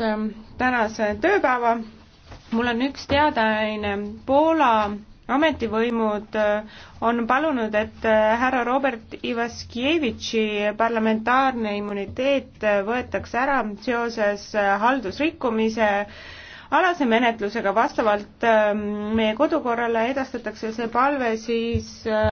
Ähm, tänase tööpäeva. mul on üks teadaanne. Poola ametivõimud äh, on palunud, et äh, härra Robert Ivaskievitši parlamentaarne immuniteet äh, võetakse ära seoses haldusrikkumise alase menetlusega. vastavalt ähm, meie kodukorrale edastatakse see palve siis